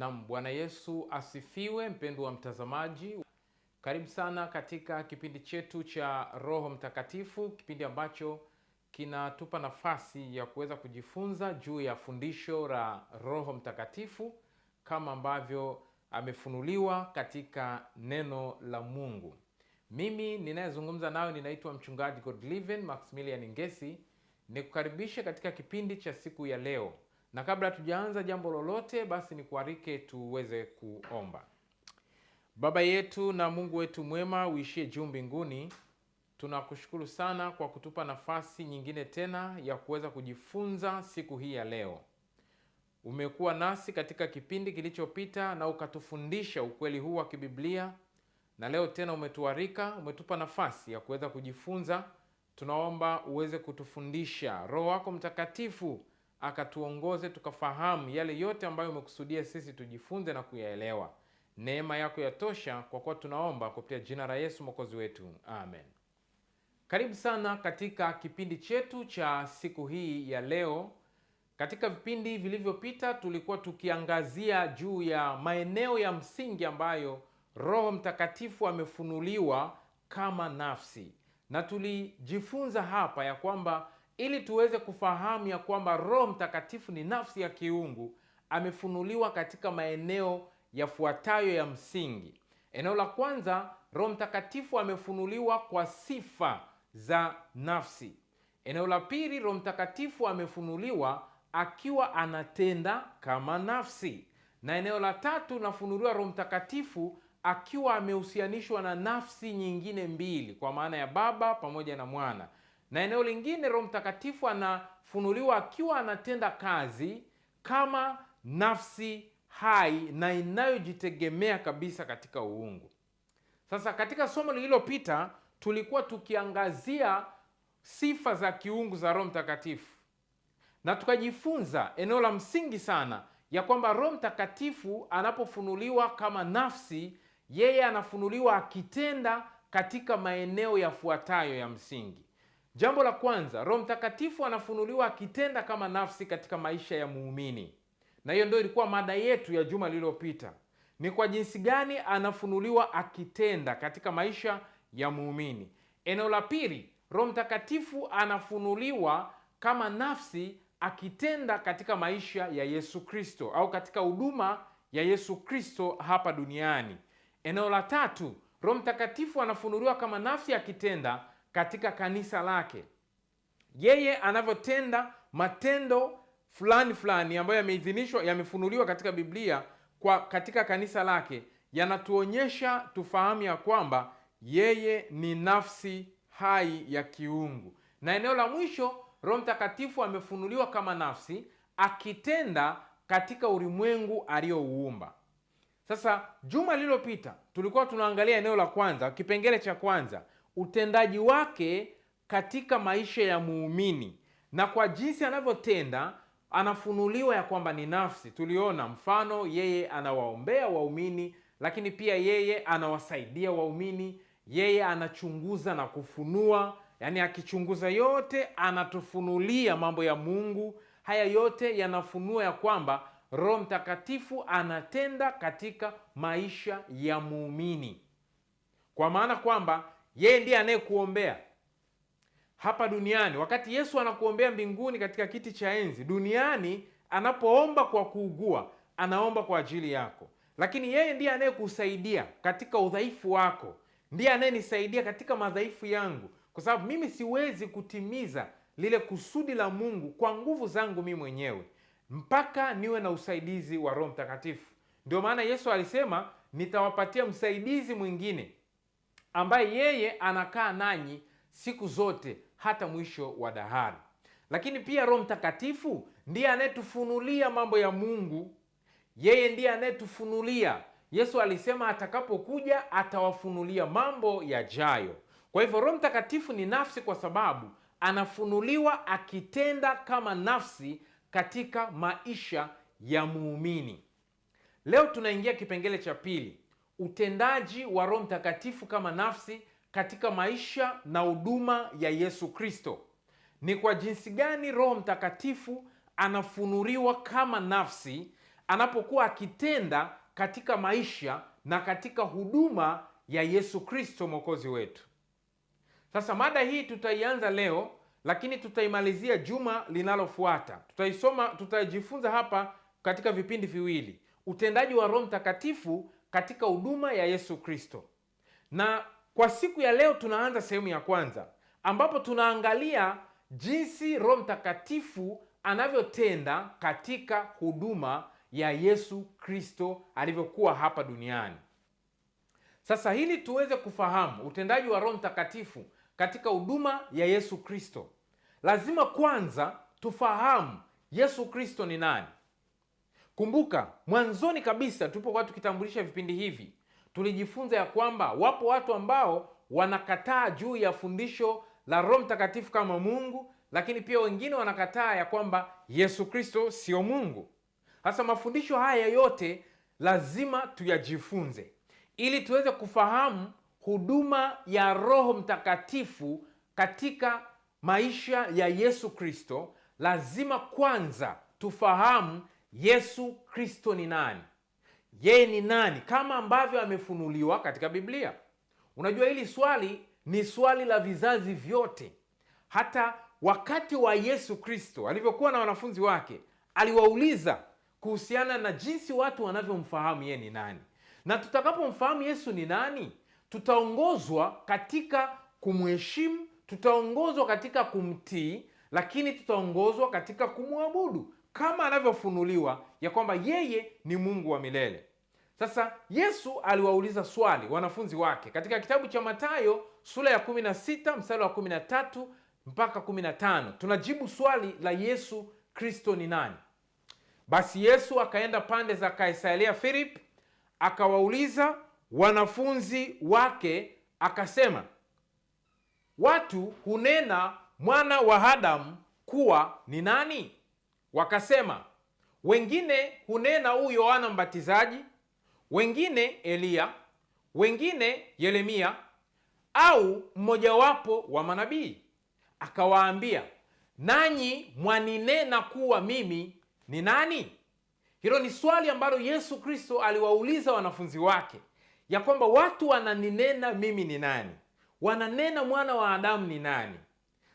Naam, Bwana Yesu asifiwe. Mpendwa wa mtazamaji, karibu sana katika kipindi chetu cha Roho Mtakatifu, kipindi ambacho kinatupa nafasi ya kuweza kujifunza juu ya fundisho la Roho Mtakatifu kama ambavyo amefunuliwa katika neno la Mungu. Mimi ninayezungumza nayo ninaitwa Mchungaji Godliven Maximilian Ngesi, nikukaribishe katika kipindi cha siku ya leo na kabla tujaanza jambo lolote, basi nikuarike tuweze kuomba. Baba yetu na Mungu wetu mwema uishie juu mbinguni, tunakushukuru sana kwa kutupa nafasi nyingine tena ya kuweza kujifunza siku hii ya leo. Umekuwa nasi katika kipindi kilichopita na ukatufundisha ukweli huu wa kibiblia, na leo tena umetuarika, umetupa nafasi ya kuweza kujifunza. Tunaomba uweze kutufundisha, Roho wako Mtakatifu akatuongoze tukafahamu yale yote ambayo umekusudia sisi tujifunze na kuyaelewa. Neema yako yatosha, kwa kuwa tunaomba kupitia jina la Yesu mwokozi wetu, amen. Karibu sana katika kipindi chetu cha siku hii ya leo. Katika vipindi vilivyopita, tulikuwa tukiangazia juu ya maeneo ya msingi ambayo Roho Mtakatifu amefunuliwa kama nafsi, na tulijifunza hapa ya kwamba ili tuweze kufahamu ya kwamba Roho Mtakatifu ni nafsi ya kiungu, amefunuliwa katika maeneo yafuatayo ya msingi. Eneo la kwanza, Roho Mtakatifu amefunuliwa kwa sifa za nafsi. Eneo la pili, Roho Mtakatifu amefunuliwa akiwa anatenda kama nafsi, na eneo la tatu, nafunuliwa Roho Mtakatifu akiwa amehusianishwa na nafsi nyingine mbili, kwa maana ya Baba pamoja na Mwana na eneo lingine Roho Mtakatifu anafunuliwa akiwa anatenda kazi kama nafsi hai na inayojitegemea kabisa katika uungu. Sasa katika somo lililopita tulikuwa tukiangazia sifa za kiungu za Roho Mtakatifu na tukajifunza eneo la msingi sana ya kwamba Roho Mtakatifu anapofunuliwa kama nafsi, yeye anafunuliwa akitenda katika maeneo yafuatayo ya msingi. Jambo la kwanza, Roho Mtakatifu anafunuliwa akitenda kama nafsi katika maisha ya muumini, na hiyo ndio ilikuwa mada yetu ya juma lililopita. Ni kwa jinsi gani anafunuliwa akitenda katika maisha ya muumini. Eneo la pili, Roho Mtakatifu anafunuliwa kama nafsi akitenda katika maisha ya Yesu Kristo au katika huduma ya Yesu Kristo hapa duniani. Eneo la tatu, Roho Mtakatifu anafunuliwa kama nafsi akitenda katika kanisa lake, yeye anavyotenda matendo fulani fulani ambayo yameidhinishwa, yamefunuliwa katika Biblia kwa katika kanisa lake, yanatuonyesha tufahamu ya kwamba yeye ni nafsi hai ya kiungu. Na eneo la mwisho, Roho Mtakatifu amefunuliwa kama nafsi akitenda katika ulimwengu aliyouumba. Sasa juma lililopita tulikuwa tunaangalia eneo la kwanza, kipengele cha kwanza utendaji wake katika maisha ya muumini na kwa jinsi anavyotenda anafunuliwa ya kwamba ni nafsi. Tuliona mfano, yeye anawaombea waumini, lakini pia yeye anawasaidia waumini, yeye anachunguza na kufunua. Yani akichunguza yote, anatufunulia mambo ya Mungu. Haya yote yanafunua ya kwamba Roho Mtakatifu anatenda katika maisha ya muumini, kwa maana kwamba yeye ndiye anayekuombea hapa duniani. Wakati Yesu anakuombea mbinguni katika kiti cha enzi, duniani anapoomba kwa kuugua, anaomba kwa ajili yako, lakini yeye ndiye anayekusaidia katika udhaifu wako, ndiye anayenisaidia katika madhaifu yangu, kwa sababu mimi siwezi kutimiza lile kusudi la Mungu kwa nguvu zangu mi mwenyewe, mpaka niwe na usaidizi wa Roho Mtakatifu. Ndio maana Yesu alisema, nitawapatia msaidizi mwingine ambaye yeye anakaa nanyi siku zote hata mwisho wa dahari. Lakini pia Roho Mtakatifu ndiye anayetufunulia mambo ya Mungu, yeye ndiye anayetufunulia. Yesu alisema atakapokuja atawafunulia mambo yajayo. Kwa hivyo Roho Mtakatifu ni nafsi, kwa sababu anafunuliwa akitenda kama nafsi katika maisha ya muumini. Leo tunaingia kipengele cha pili, utendaji wa Roho Mtakatifu kama nafsi katika maisha na huduma ya Yesu Kristo. Ni kwa jinsi gani Roho Mtakatifu anafunuliwa kama nafsi anapokuwa akitenda katika maisha na katika huduma ya Yesu Kristo mwokozi wetu. Sasa mada hii tutaianza leo, lakini tutaimalizia juma linalofuata. Tutaisoma, tutajifunza hapa katika vipindi viwili, utendaji wa Roho Mtakatifu katika huduma ya Yesu Kristo. Na kwa siku ya leo tunaanza sehemu ya kwanza ambapo tunaangalia jinsi Roho Mtakatifu anavyotenda katika huduma ya Yesu Kristo alivyokuwa hapa duniani. Sasa hili tuweze kufahamu utendaji wa Roho Mtakatifu katika huduma ya Yesu Kristo, lazima kwanza tufahamu Yesu Kristo ni nani. Kumbuka mwanzoni kabisa tulipokuwa tukitambulisha vipindi hivi, tulijifunza ya kwamba wapo watu ambao wanakataa juu ya fundisho la Roho Mtakatifu kama Mungu, lakini pia wengine wanakataa ya kwamba Yesu Kristo sio Mungu. Sasa mafundisho haya yote lazima tuyajifunze ili tuweze kufahamu huduma ya Roho Mtakatifu katika maisha ya Yesu Kristo. Lazima kwanza tufahamu Yesu Kristo ni nani? Yeye ni nani kama ambavyo amefunuliwa katika Biblia? Unajua, hili swali ni swali la vizazi vyote. Hata wakati wa Yesu Kristo alivyokuwa na wanafunzi wake, aliwauliza kuhusiana na jinsi watu wanavyomfahamu yeye ni nani, na tutakapomfahamu Yesu ni nani, tutaongozwa katika kumheshimu, tutaongozwa katika kumtii, lakini tutaongozwa katika kumwabudu kama anavyofunuliwa ya kwamba yeye ni Mungu wa milele. Sasa Yesu aliwauliza swali wanafunzi wake katika kitabu cha matayo sura ya 16 msalo wa 13 mpaka 15. Tunajibu swali la Yesu Kristo ni nani? Basi Yesu akaenda pande za Kaisaria philip akawauliza wanafunzi wake akasema, watu hunena mwana wa Adamu kuwa ni nani? Wakasema wengine hunena huu Yohana Mbatizaji, wengine Eliya, wengine Yeremia au mmojawapo wa manabii. Akawaambia, nanyi mwaninena kuwa mimi ni nani? Hilo ni swali ambalo Yesu Kristo aliwauliza wanafunzi wake, ya kwamba watu wananinena mimi ni nani? Wananena mwana wa Adamu ni nani?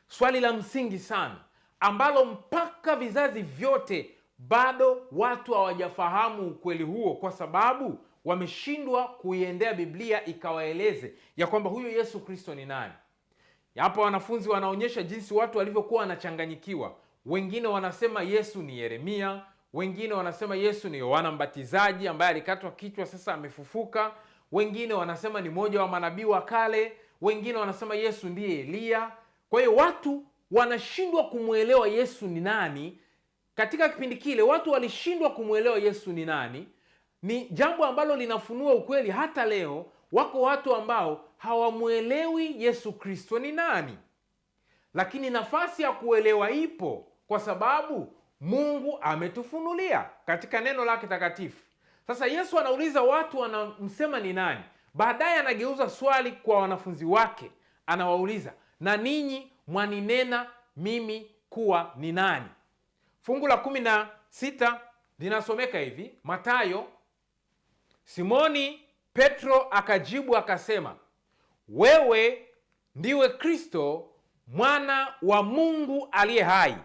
Swali la msingi sana ambalo mpaka vizazi vyote bado watu hawajafahamu ukweli huo, kwa sababu wameshindwa kuiendea Biblia ikawaeleze ya kwamba huyo Yesu Kristo ni nani. Hapa wanafunzi wanaonyesha jinsi watu walivyokuwa wanachanganyikiwa. Wengine wanasema Yesu ni Yeremia, wengine wanasema Yesu ni Yohana Mbatizaji ambaye alikatwa kichwa, sasa amefufuka. Wengine wanasema ni moja wa manabii wa kale, wengine wanasema Yesu ndiye Eliya. Kwa hiyo watu wanashindwa kumwelewa Yesu ni nani. Katika kipindi kile watu walishindwa kumwelewa Yesu ni nani. Ni jambo ambalo linafunua ukweli hata leo wako watu ambao hawamwelewi Yesu Kristo ni nani, lakini nafasi ya kuelewa ipo kwa sababu Mungu ametufunulia katika neno lake takatifu. Sasa Yesu anauliza watu wanamsema ni nani. Baadaye anageuza swali kwa wanafunzi wake, anawauliza na ninyi mwaninena mimi kuwa ni nani. Fungu la kumi na sita linasomeka hivi, matayo Simoni Petro akajibu akasema, wewe ndiwe Kristo mwana wa Mungu aliye hai.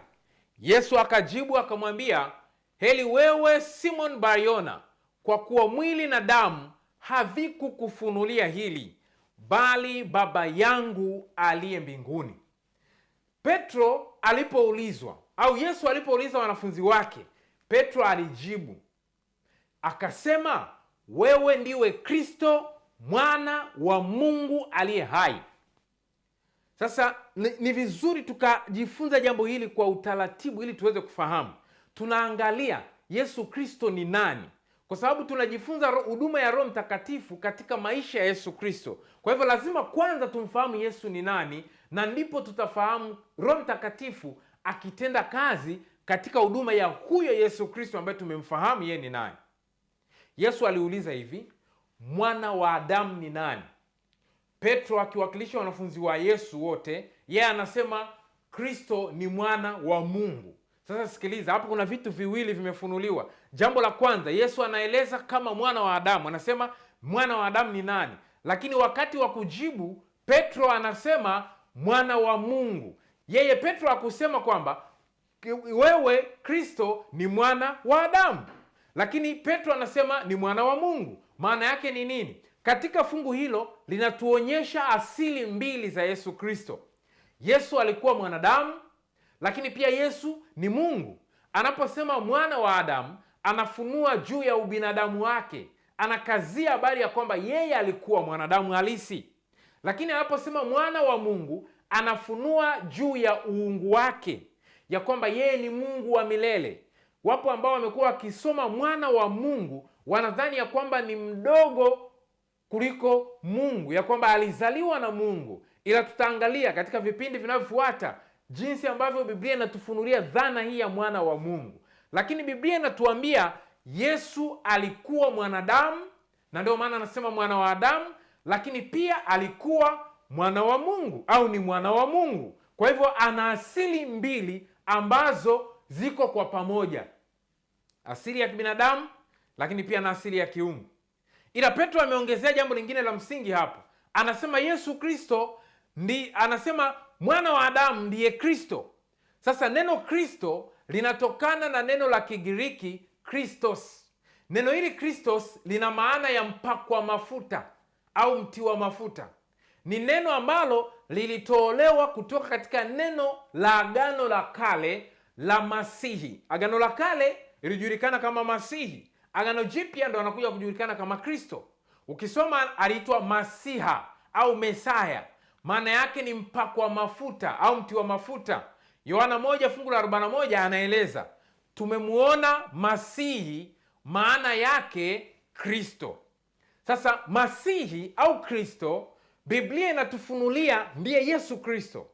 Yesu akajibu akamwambia, heli wewe Simon Bariona, kwa kuwa mwili na damu havikukufunulia hili, bali Baba yangu aliye mbinguni. Petro alipoulizwa au Yesu alipouliza wanafunzi wake, Petro alijibu akasema, wewe ndiwe Kristo mwana wa Mungu aliye hai. Sasa ni, ni vizuri tukajifunza jambo hili kwa utaratibu ili tuweze kufahamu tunaangalia Yesu Kristo ni nani, kwa sababu tunajifunza huduma ya Roho Mtakatifu katika maisha ya Yesu Kristo. Kwa hivyo lazima kwanza tumfahamu Yesu ni nani na ndipo tutafahamu Roho Mtakatifu akitenda kazi katika huduma ya huyo Yesu Kristo ambaye tumemfahamu yeye ni nani. Yesu aliuliza hivi, mwana wa Adamu ni nani? Petro akiwakilisha wanafunzi wa Yesu wote, yeye anasema Kristo ni mwana wa Mungu. Sasa sikiliza hapo, kuna vitu viwili vimefunuliwa. Jambo la kwanza, Yesu anaeleza kama mwana wa Adamu, anasema mwana wa Adamu ni nani, lakini wakati wa kujibu Petro anasema mwana wa Mungu. Yeye Petro akusema kwamba wewe Kristo ni mwana wa Adamu, lakini Petro anasema ni mwana wa Mungu. Maana yake ni nini? Katika fungu hilo linatuonyesha asili mbili za Yesu Kristo. Yesu alikuwa mwanadamu, lakini pia Yesu ni Mungu. Anaposema mwana wa Adamu, anafunua juu ya ubinadamu wake, anakazia habari ya kwamba yeye alikuwa mwanadamu halisi lakini anaposema mwana wa Mungu anafunua juu ya uungu wake, ya kwamba yeye ni Mungu wa milele. Wapo ambao wamekuwa wakisoma mwana wa Mungu wanadhani ya kwamba ni mdogo kuliko Mungu, ya kwamba alizaliwa na Mungu, ila tutaangalia katika vipindi vinavyofuata jinsi ambavyo Biblia inatufunulia dhana hii ya mwana wa Mungu. Lakini Biblia inatuambia Yesu alikuwa mwanadamu, na ndio maana anasema mwana wa Adamu, lakini pia alikuwa mwana wa Mungu au ni mwana wa Mungu. Kwa hivyo ana asili mbili ambazo ziko kwa pamoja, asili ya kibinadamu, lakini pia na asili ya kiungu. Ila Petro ameongezea jambo lingine la msingi hapo, anasema Yesu Kristo ndi, anasema mwana wa Adamu ndiye Kristo. Sasa neno Kristo linatokana na neno la Kigiriki Kristos. Neno hili Kristos lina maana ya mpakwa mafuta au mti wa mafuta ni neno ambalo lilitolewa kutoka katika neno la Agano la Kale la Masihi. Agano la Kale ilijulikana kama Masihi, Agano Jipya ndo anakuja kujulikana kama Kristo. Ukisoma aliitwa Masiha au Mesaya, maana yake ni mpakwa mafuta au mti wa mafuta. Yohana moja fungu la 41 anaeleza tumemuona Masihi, maana yake Kristo. Sasa Masihi au Kristo, Biblia inatufunulia ndiye Yesu Kristo,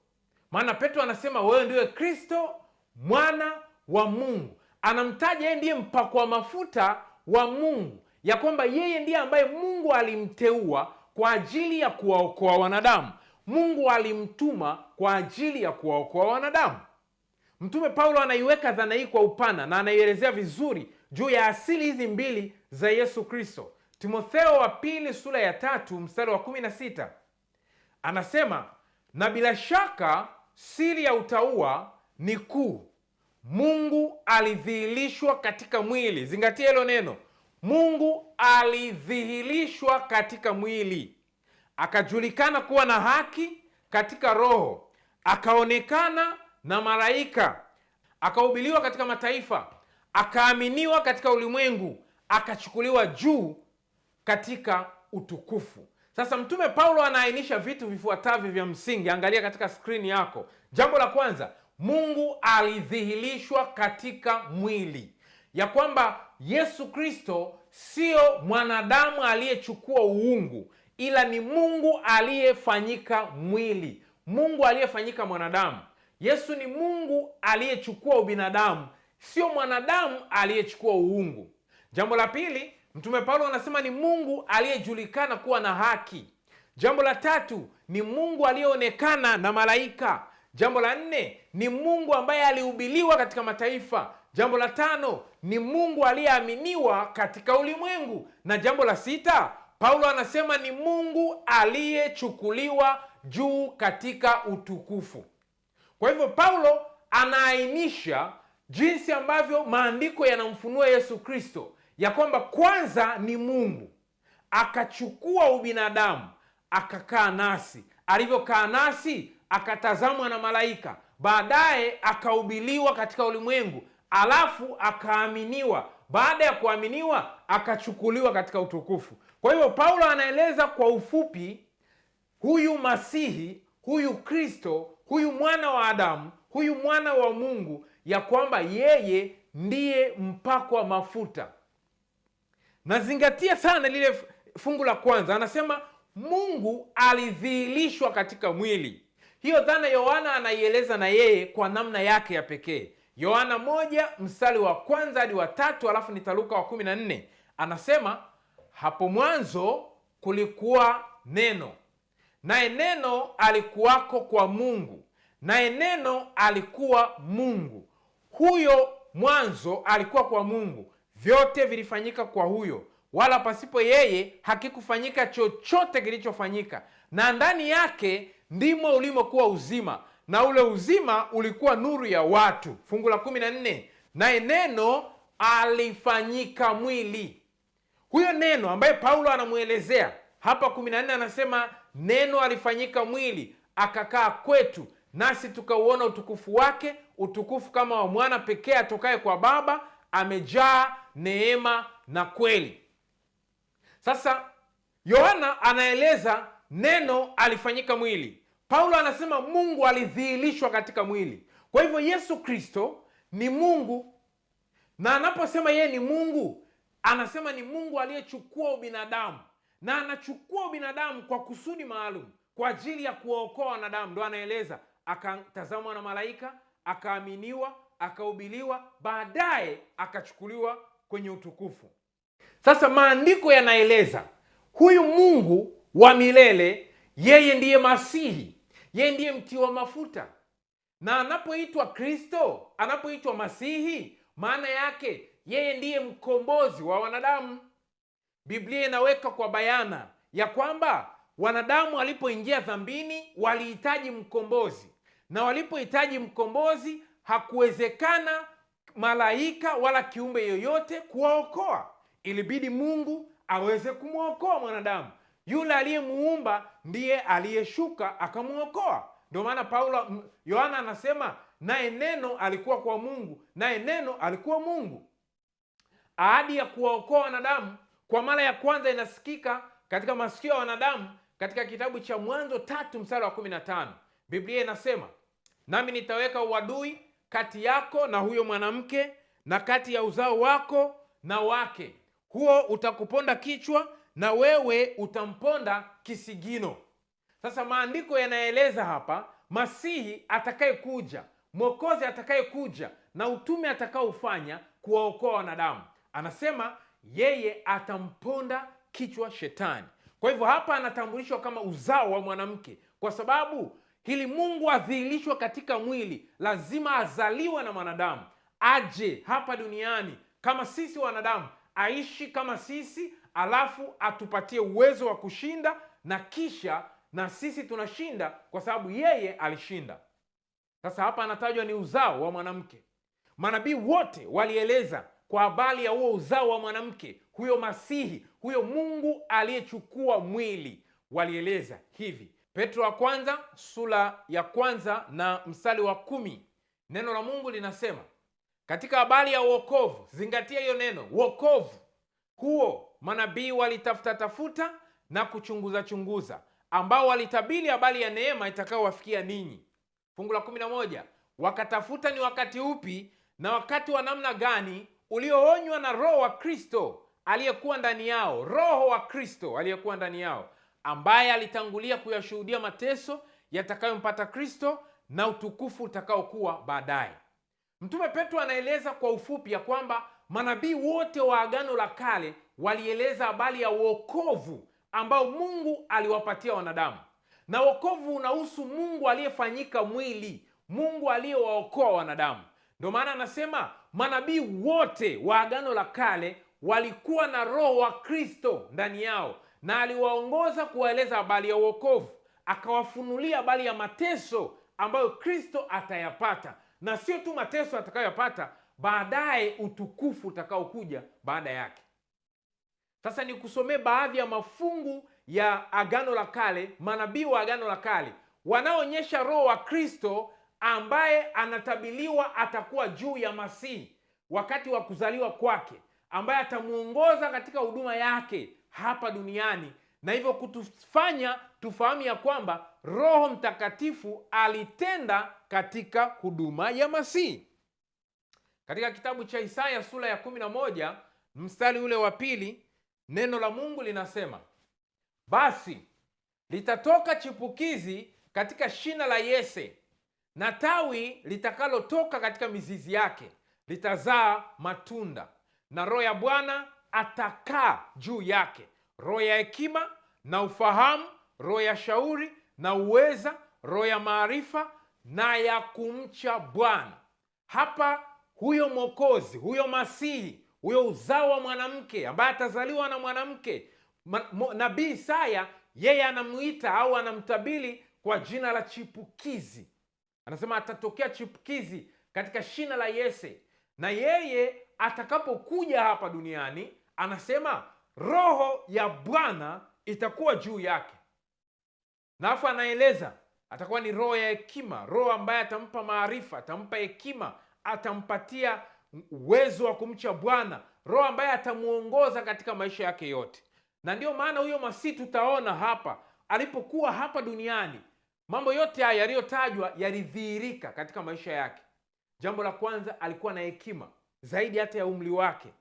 maana Petro anasema wewe ndiwe Kristo mwana wa Mungu. Anamtaja yeye ndiye mpakwa mafuta wa Mungu, ya kwamba yeye ndiye ambaye Mungu alimteua kwa ajili ya kuwaokoa wanadamu. Mungu alimtuma kwa ajili ya kuwaokoa wanadamu. Mtume Paulo anaiweka dhana hii kwa upana na anaielezea vizuri juu ya asili hizi mbili za Yesu Kristo. Timotheo wa pili sura ya tatu mstari wa kumi na sita anasema, na bila shaka siri ya utaua ni kuu, Mungu alidhihirishwa katika mwili. Zingatia hilo neno, Mungu alidhihirishwa katika mwili, akajulikana kuwa na haki katika Roho, akaonekana na malaika, akahubiliwa katika mataifa, akaaminiwa katika ulimwengu, akachukuliwa juu katika utukufu. Sasa Mtume Paulo anaainisha vitu vifuatavyo vya msingi, angalia katika skrini yako. Jambo la kwanza, Mungu alidhihirishwa katika mwili, ya kwamba Yesu Kristo sio mwanadamu aliyechukua uungu, ila ni Mungu aliyefanyika mwili, Mungu aliyefanyika mwanadamu. Yesu ni Mungu aliyechukua ubinadamu, sio mwanadamu aliyechukua uungu. Jambo la pili Mtume Paulo anasema ni Mungu aliyejulikana kuwa na haki. Jambo la tatu ni Mungu aliyeonekana na malaika. Jambo la nne ni Mungu ambaye alihubiliwa katika mataifa. Jambo la tano ni Mungu aliyeaminiwa katika ulimwengu, na jambo la sita Paulo anasema ni Mungu aliyechukuliwa juu katika utukufu. Kwa hivyo, Paulo anaainisha jinsi ambavyo maandiko yanamfunua Yesu Kristo ya kwamba kwanza ni Mungu akachukua ubinadamu akakaa nasi, alivyokaa nasi akatazamwa na malaika, baadaye akahubiliwa katika ulimwengu, alafu akaaminiwa. Baada ya kuaminiwa, akachukuliwa katika utukufu. Kwa hivyo, Paulo anaeleza kwa ufupi, huyu Masihi, huyu Kristo, huyu mwana wa Adamu, huyu mwana wa Mungu, ya kwamba yeye ndiye mpakwa mafuta Nazingatia sana lile fungu la kwanza, anasema Mungu alidhihirishwa katika mwili. Hiyo dhana Yohana anaieleza na yeye kwa namna yake ya pekee. Yohana moja mstari wa kwanza hadi wa tatu, alafu nitaruka wa kumi na nne. Anasema hapo mwanzo kulikuwa neno, naye neno alikuwako kwa Mungu, naye neno alikuwa Mungu. Huyo mwanzo alikuwa kwa Mungu vyote vilifanyika kwa huyo, wala pasipo yeye hakikufanyika chochote kilichofanyika. Na ndani yake ndimo ulimokuwa uzima, na ule uzima ulikuwa nuru ya watu. Fungu la kumi na nne, naye neno alifanyika mwili. Huyo neno ambaye Paulo anamwelezea hapa kumi na nne anasema neno alifanyika mwili akakaa kwetu, nasi tukauona utukufu wake, utukufu kama wa mwana pekee atokaye kwa Baba amejaa neema na kweli. Sasa Yohana anaeleza neno alifanyika mwili, Paulo anasema Mungu alidhihirishwa katika mwili. Kwa hivyo Yesu Kristo ni Mungu, na anaposema yeye ni Mungu, anasema ni Mungu aliyechukua ubinadamu, na anachukua ubinadamu kwa kusudi maalum kwa ajili ya kuwaokoa wanadamu. Ndo anaeleza akatazamwa na malaika, akaaminiwa akahubiliwa baadaye akachukuliwa kwenye utukufu. Sasa maandiko yanaeleza huyu Mungu wa milele, yeye ndiye Masihi, yeye ndiye mtiwa mafuta. Na anapoitwa Kristo, anapoitwa Masihi, maana yake yeye ndiye mkombozi wa wanadamu. Biblia inaweka kwa bayana ya kwamba wanadamu walipoingia dhambini walihitaji mkombozi, na walipohitaji mkombozi hakuwezekana malaika wala kiumbe yoyote kuwaokoa. Ilibidi Mungu aweze kumwokoa mwanadamu. Yule aliyemuumba ndiye aliyeshuka akamwokoa. Ndio maana Paulo Yohana anasema naye neno alikuwa kwa Mungu, naye neno alikuwa Mungu. Ahadi ya kuwaokoa wanadamu kwa mara ya kwanza inasikika katika masikio ya wanadamu katika kitabu cha Mwanzo tatu msara wa kumi na tano. Biblia inasema nami nitaweka uadui kati yako na huyo mwanamke na kati ya uzao wako na wake, huo utakuponda kichwa na wewe utamponda kisigino. Sasa maandiko yanaeleza hapa Masihi atakayekuja, Mwokozi atakayekuja na utume atakaofanya kuwaokoa wanadamu, anasema yeye atamponda kichwa Shetani. Kwa hivyo hapa anatambulishwa kama uzao wa mwanamke kwa sababu ili Mungu adhihirishwe katika mwili, lazima azaliwe na mwanadamu, aje hapa duniani kama sisi wanadamu, aishi kama sisi, alafu atupatie uwezo wa kushinda, na kisha na sisi tunashinda kwa sababu yeye alishinda. Sasa hapa anatajwa ni uzao wa mwanamke. Manabii wote walieleza kwa habari ya huo uzao wa mwanamke, huyo Masihi, huyo Mungu aliyechukua mwili, walieleza hivi Petro wa kwanza sula ya kwanza na mstari wa kumi neno la Mungu linasema katika habari ya uokovu, zingatia hiyo neno uokovu huo manabii walitafuta tafuta na kuchunguza chunguza, ambao walitabili habari ya neema itakayowafikia ninyi. Fungu la kumi na moja wakatafuta ni wakati upi na wakati wa namna gani ulioonywa na Roho wa Kristo aliyekuwa ndani yao, Roho wa Kristo aliyekuwa ndani yao ambaye alitangulia kuyashuhudia mateso yatakayompata Kristo na utukufu utakaokuwa baadaye. Mtume Petro anaeleza kwa ufupi ya kwamba manabii wote wa Agano la Kale walieleza habari ya wokovu ambao Mungu aliwapatia wanadamu, na wokovu unahusu Mungu aliyefanyika mwili, Mungu aliyewaokoa wanadamu. Ndio maana anasema manabii wote wa Agano la Kale walikuwa na Roho wa Kristo ndani yao na aliwaongoza kuwaeleza habari ya uokovu, akawafunulia habari ya mateso ambayo Kristo atayapata, na sio tu mateso atakayoyapata, baadaye utukufu utakaokuja baada yake. Sasa nikusomee baadhi ya mafungu ya Agano la Kale, manabii wa Agano la Kale wanaoonyesha roho wa Kristo ambaye anatabiliwa atakuwa juu ya Masihi wakati wa kuzaliwa kwake ambaye atamwongoza katika huduma yake hapa duniani na hivyo kutufanya tufahamu ya kwamba Roho Mtakatifu alitenda katika huduma ya Masihi. Katika kitabu cha Isaya sura ya 11 mstari ule wa pili neno la Mungu linasema, basi litatoka chipukizi katika shina la Yese na tawi litakalotoka katika mizizi yake litazaa matunda na Roho ya Bwana atakaa juu yake, roho ya hekima na ufahamu, roho ya shauri na uweza, roho ya maarifa na ya kumcha Bwana. Hapa huyo Mwokozi, huyo Masihi, huyo uzao wa mwanamke ambaye atazaliwa na mwanamke, nabii Isaya yeye anamwita au anamtabili kwa jina la chipukizi. Anasema atatokea chipukizi katika shina la Yese, na yeye atakapokuja hapa duniani, anasema roho ya Bwana itakuwa juu yake, nafu anaeleza atakuwa ni roho ya hekima, roho ambaye atampa maarifa, atampa hekima, atampatia uwezo wa kumcha Bwana, roho ambaye atamwongoza katika maisha yake yote. Na ndiyo maana huyo masii tutaona hapa alipokuwa hapa duniani, mambo yote haya yaliyotajwa yalidhihirika katika maisha yake. Jambo la kwanza, alikuwa na hekima zaidi hata ya umri wake.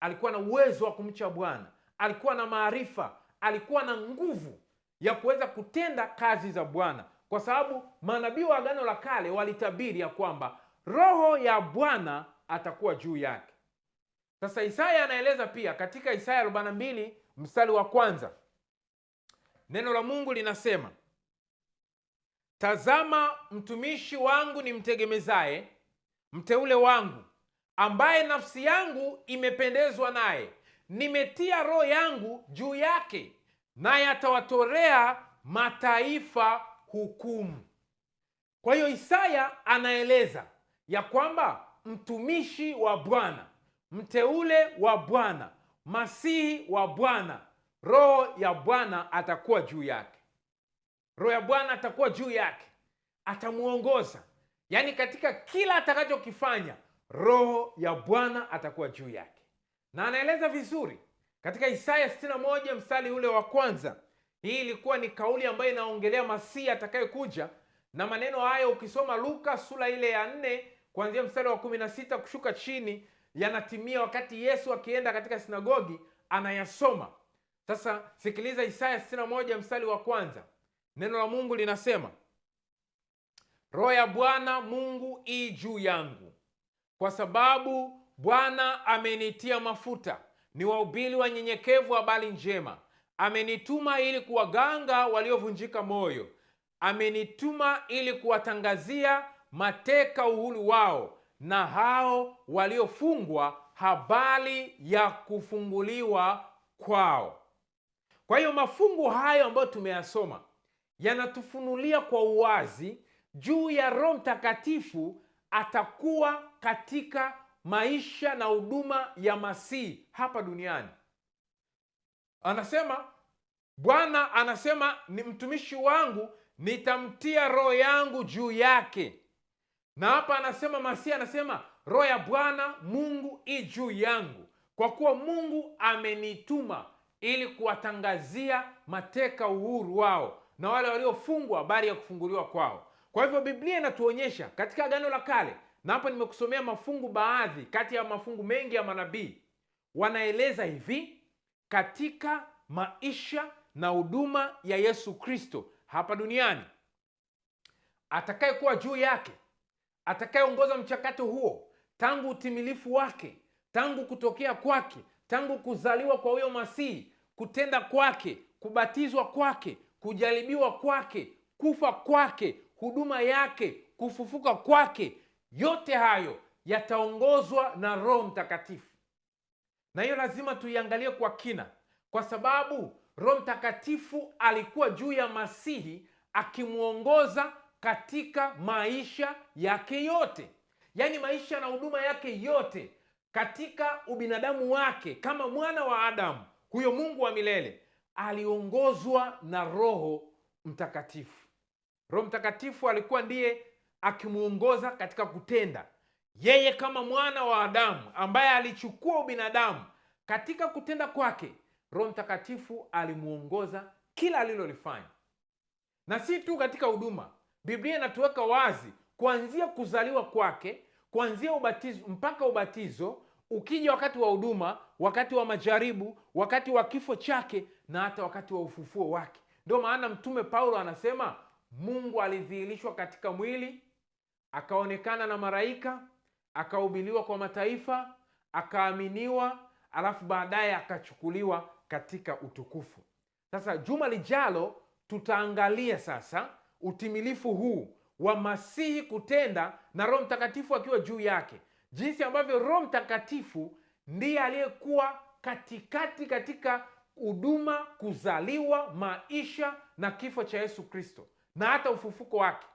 Alikuwa na uwezo wa kumcha Bwana, alikuwa na maarifa, alikuwa na nguvu ya kuweza kutenda kazi za Bwana, kwa sababu manabii wa Agano la Kale walitabiri ya kwamba roho ya Bwana atakuwa juu yake. Sasa Isaya anaeleza pia katika Isaya 42 mstari wa kwanza, neno la Mungu linasema Tazama, mtumishi wangu ni mtegemezaye mteule wangu ambaye nafsi yangu imependezwa naye, nimetia roho yangu juu yake, naye atawatorea mataifa hukumu. Kwa hiyo Isaya anaeleza ya kwamba mtumishi wa Bwana, mteule wa Bwana, masihi wa Bwana, roho ya Bwana atakuwa juu yake, roho ya Bwana atakuwa juu yake, atamwongoza, yaani katika kila atakachokifanya roho ya Bwana atakuwa juu yake. Na anaeleza vizuri katika Isaya 61 mstari ule wa kwanza. Hii ilikuwa ni kauli ambayo inaongelea Masihi atakayekuja, na maneno hayo ukisoma Luka sura ile ya nne kuanzia mstari wa 16 kushuka chini yanatimia wakati Yesu akienda katika sinagogi anayasoma. Sasa sikiliza Isaya 61 mstari wa kwanza. Neno la Mungu linasema, Roho ya Bwana Mungu i juu yangu kwa sababu Bwana amenitia mafuta ni wahubiri wanyenyekevu habari njema. Amenituma ili kuwaganga waliovunjika moyo, amenituma ili kuwatangazia mateka uhuru wao, na hao waliofungwa habari ya kufunguliwa kwao. Kwa hiyo mafungu hayo ambayo tumeyasoma yanatufunulia kwa uwazi juu ya Roho Mtakatifu atakuwa katika maisha na huduma ya Masihi hapa duniani. Anasema Bwana anasema ni mtumishi wangu, nitamtia roho yangu juu yake. Na hapa anasema Masihi anasema roho ya Bwana Mungu i juu yangu, kwa kuwa Mungu amenituma ili kuwatangazia mateka uhuru wao na wale waliofungwa habari ya kufunguliwa kwao. Kwa hivyo Biblia inatuonyesha katika gano la Kale na hapa nimekusomea mafungu baadhi kati ya mafungu mengi ya manabii, wanaeleza hivi katika maisha na huduma ya Yesu Kristo hapa duniani, atakayekuwa juu yake, atakayeongoza mchakato huo tangu utimilifu wake, tangu kutokea kwake, tangu kuzaliwa kwa huyo Masihi, kutenda kwake, kubatizwa kwake, kujaribiwa kwake, kufa kwake, huduma yake, kufufuka kwake yote hayo yataongozwa na Roho Mtakatifu, na hiyo lazima tuiangalie kwa kina, kwa sababu Roho Mtakatifu alikuwa juu ya Masihi akimwongoza katika maisha yake yote, yaani maisha na huduma yake yote katika ubinadamu wake kama mwana wa Adamu. Huyo Mungu wa milele aliongozwa na Roho Mtakatifu. Roho Mtakatifu alikuwa ndiye akimwongoza katika kutenda. Yeye kama mwana wa Adamu ambaye alichukua ubinadamu katika kutenda kwake, Roho Mtakatifu alimuongoza kila alilolifanya, na si tu katika huduma. Biblia inatuweka wazi kuanzia kuzaliwa kwake, kuanzia ubatizo mpaka ubatizo, ukija wakati wa huduma, wakati wa majaribu, wakati wa kifo chake, na hata wakati wa ufufuo wake. Ndio maana Mtume Paulo anasema Mungu alidhihirishwa katika mwili akaonekana na maraika, akaubiliwa kwa mataifa, akaaminiwa, alafu baadaye akachukuliwa katika utukufu. Sasa juma lijalo tutaangalia sasa utimilifu huu wa Masihi kutenda na Roho Mtakatifu akiwa juu yake, jinsi ambavyo Roho Mtakatifu ndiye aliyekuwa katikati katika huduma, kuzaliwa, maisha na kifo cha Yesu Kristo na hata ufufuko wake.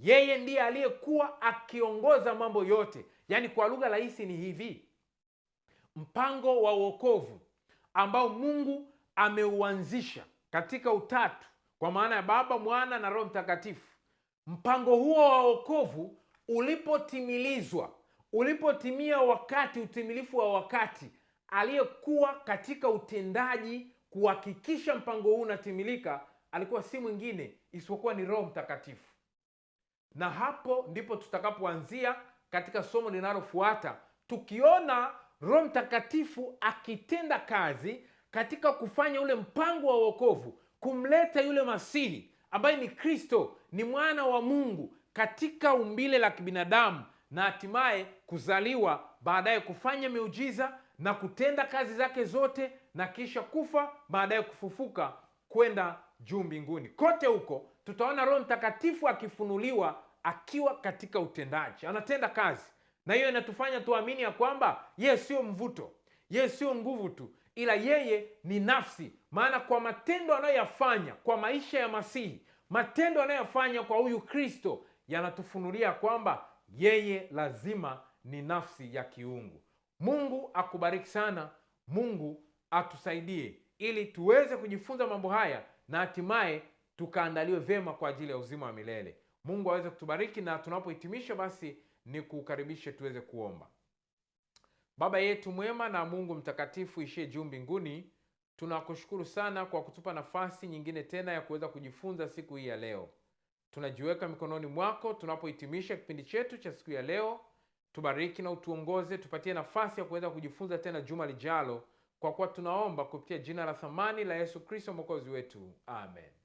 Yeye ndiye aliyekuwa akiongoza mambo yote. Yaani kwa lugha rahisi ni hivi, mpango wa uokovu ambao Mungu ameuanzisha katika utatu, kwa maana ya Baba, Mwana na Roho Mtakatifu, mpango huo wa uokovu ulipotimilizwa, ulipotimia wakati, utimilifu wa wakati, aliyekuwa katika utendaji kuhakikisha mpango huu unatimilika alikuwa si mwingine isipokuwa ni Roho Mtakatifu na hapo ndipo tutakapoanzia katika somo linalofuata, tukiona Roho Mtakatifu akitenda kazi katika kufanya ule mpango wa uokovu kumleta yule Masihi ambaye ni Kristo, ni mwana wa Mungu katika umbile la kibinadamu, na hatimaye kuzaliwa, baadaye kufanya miujiza na kutenda kazi zake zote, na kisha kufa, baadaye kufufuka kwenda juu mbinguni. Kote huko tutaona Roho Mtakatifu akifunuliwa akiwa katika utendaji, anatenda kazi, na hiyo inatufanya tuamini ya kwamba yeye sio mvuto, yeye sio nguvu tu, ila yeye ni nafsi. Maana kwa matendo anayoyafanya kwa maisha ya Masihi, matendo anayoyafanya kwa huyu Kristo yanatufunulia kwamba yeye lazima ni nafsi ya kiungu. Mungu akubariki sana. Mungu atusaidie ili tuweze kujifunza mambo haya na hatimaye tukaandaliwe vyema kwa ajili ya uzima wa milele. Mungu aweze kutubariki, na tunapohitimisha basi ni kukaribishe tuweze kuomba. Baba yetu mwema na Mungu mtakatifu ishie juu mbinguni, tunakushukuru sana kwa kutupa nafasi nyingine tena ya kuweza kujifunza siku hii ya leo. Tunajiweka mikononi mwako tunapohitimisha kipindi chetu cha siku ya leo. Tubariki na utuongoze, tupatie nafasi ya kuweza kujifunza tena juma lijalo kwa kuwa tunaomba kupitia jina la thamani la Yesu Kristo mwokozi wetu, amen.